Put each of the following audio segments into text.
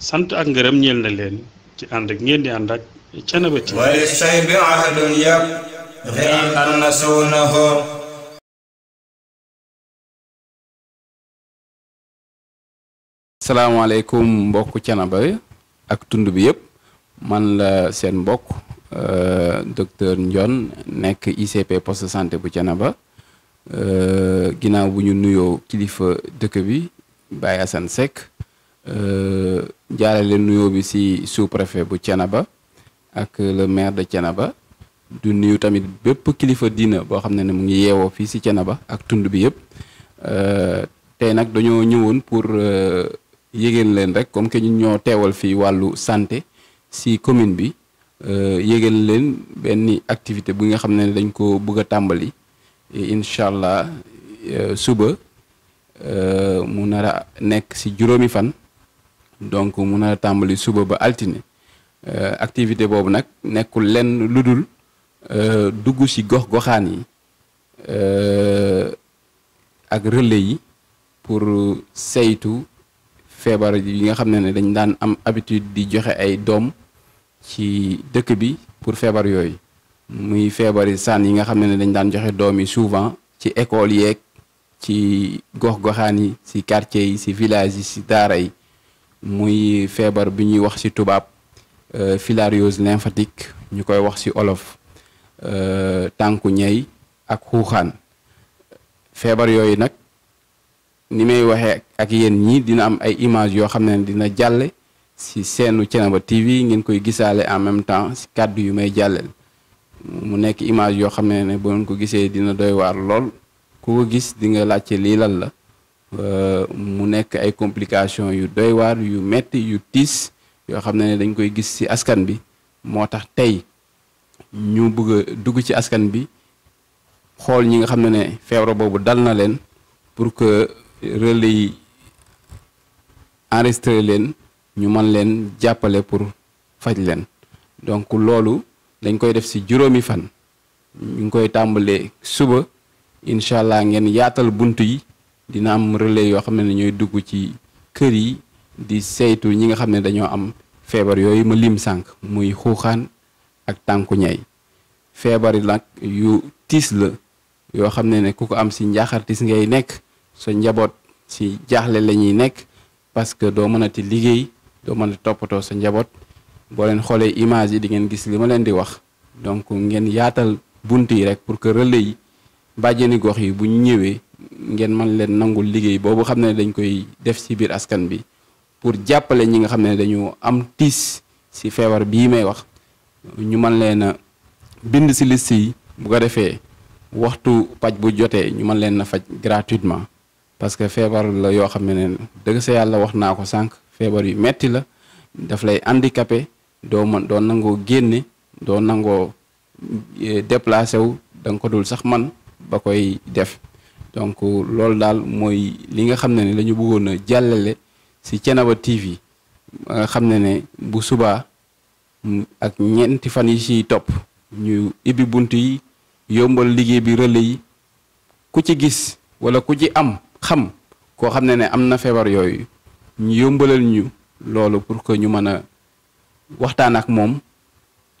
sant ak ngërëm ñeel na leen ci ànd ak ngeen di ànd ak Thiénaba TV wali say bi ahadun yàpp xiran an nasuunahu salaamaaleykum mbokk canaba ak tund bi yépp man la seen mbokk euh, docteur njon nekk ICP poste santé bu Thiénaba euh, ginnaaw bu ñu nuyoo kilifa dëkk bi Baye Assane Seck Euh, jaarale nuyo bi ci sous-préfet bu ba ak le maire de ba du nuyu tamit bépp kilifa diina boo xam ne ne mu ngi yeewoo fii ci ba ak tund bi yëpp euh, tey nag dañoo ñëwoon pour euh, yégal leen rek comme que ñu ñoo teewal fii wàllu santé ci commune bi yégal leen benn activité bi nga xam ne dañ ko bëgg a tàmbali incha allah suba mu nar a nekk ci juróomi fan donc mu nar tàmbali suba ba altine euh, activité boobu nag nekkul lenn lu dul euh, dugg ci gox goxaan yi euh, ak relais yi pour saytu feebar yi nga xam ne ne dañ daan am habitude di joxe ay doom ci dëkk bi pour feebar yooyu muy feebari sànn yi nga xam ne ne dañ daan joxe doom yi souvent ci école yeeg ci gox goxaan yi ci quartier yi ci village yi ci daara yi muy feebar bi ñuy wax ci tubaab euh, filariose lymphatique ñu koy wax ci olof euh, tànku ñey ak xuuxaan feebar yooyu nag ni may waxee ak yéen ñii dina am ay image yoo xam ne dina jàlle ci seenu Thiénaba TV ngeen koy gisaale en même temps ci kàddu yu may jàlleel mu nekk image yoo xam ne ne bu ngeen ko gisee dina doy waar lool ku ko gis di nga laajte lii lan la Euh, mu nekk ay complications yu doy yu metti yu tiis yoo xam ne dañ koy gis ci askan bi moo tax tey ñu bëgg a dugg ci askan bi xool ñi nga xam ne ne feebar boobu dal na leen pour que relais yi enregistré leen ñu man leen jàppale pour faj leen donc loolu dañ koy def ci juróomi fan ñu ngi koy tàmbalee suba incha allah ngeen yaatal bunt yi. dina am relais yoo xam ne ñooy dugg ci kër yi di saytu ñi nga xam ne dañoo am feebar yooyu ma lim sànq muy xuuxaan ak tànku ñay feebar yi nag yu tiis la yoo xam ne ne ku ko am si njaaxartis ngay nekk sa njaboot si jaaxle la ñuy nekk parce que doo mënati liggéey doo mën a toppatoo sa njaboot boo leen xoolee image yi di ngeen gis li ma leen di wax donc ngeen yaatal bunt yi rek pour que relais yi bàjjeni gox yi bu ñu ñëwee ngeen man leen nangu liggéey boobu xam ne dañ koy def ci biir askan bi pour jàppale ñi nga xam ne dañu am tiis ci feebar bii may wax ñu man leen a bind ci liste yi bu ko defee waxtu paj bu jotee ñu mën leen na faj gratuitement parce que feebar la yoo xam ne dëgg sa yàlla wax naa ko sànq feebar yu metti la daf lay handicapé doo mën doo nangoo génne doo nangoo eh, déplacé wu da nga ko dul sax man ba koy def donc loolu daal mooy li nga xam ne ne lañu buggoon jàllale si Thiénaba TV nga xam ne ne bu subaa ak ñeenti fan yi ciy topp ñu ibbi bunt yi yombal liggéey bi relais yi ku ci gis wala ku ci am xam koo xam ne ne am na feebar yooyu ñu yombalal ñu loolu pour ko ñu mën a waxtaan ak moom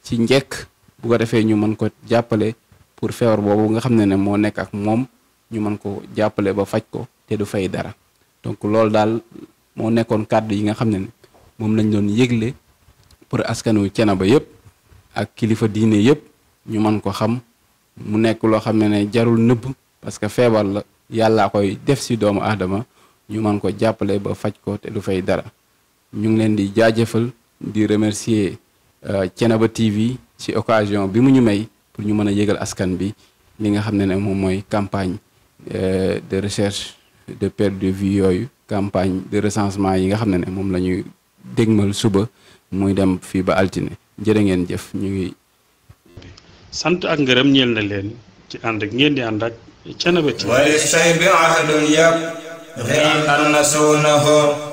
ci njekk bu ko defee ñu mën ko jàppale pour feebar boobu nga xam ne ne moo nekk ak moom ñu mën ko jàppale ba faj ko te du fay dara donc loolu daal moo nekkoon kàddu yi nga xam ne ne moom lañ doon yëgle pour askanu Thiénaba yëpp ak kilifa diine yëpp ñu mën ko xam mu nekk loo xam ne ne jarul nëbb parce que feebar la yàllaa koy def ci doomu aadama ñu mën ko jàppale ba faj ko te du fay dara ñu ngi leen di jaajëfal di remercier euh, Thiénaba TV ci occasion bi mu ñu may pour ñu mën a yëgal askan bi li nga xam ne ne moom mooy campagne Euh, de recherche de perte de vue yooyu campagne de recensement yi nga xam ne ne moom la ñuy dégmal suba muy dem fii ba altine jërë ngeen jëf ñu ngi. sant ak ngërëm ñeel na leen ci ànd ak ngeen di ànd ak. canaba ci wali say bi ahadun yab xëy an nasuunahu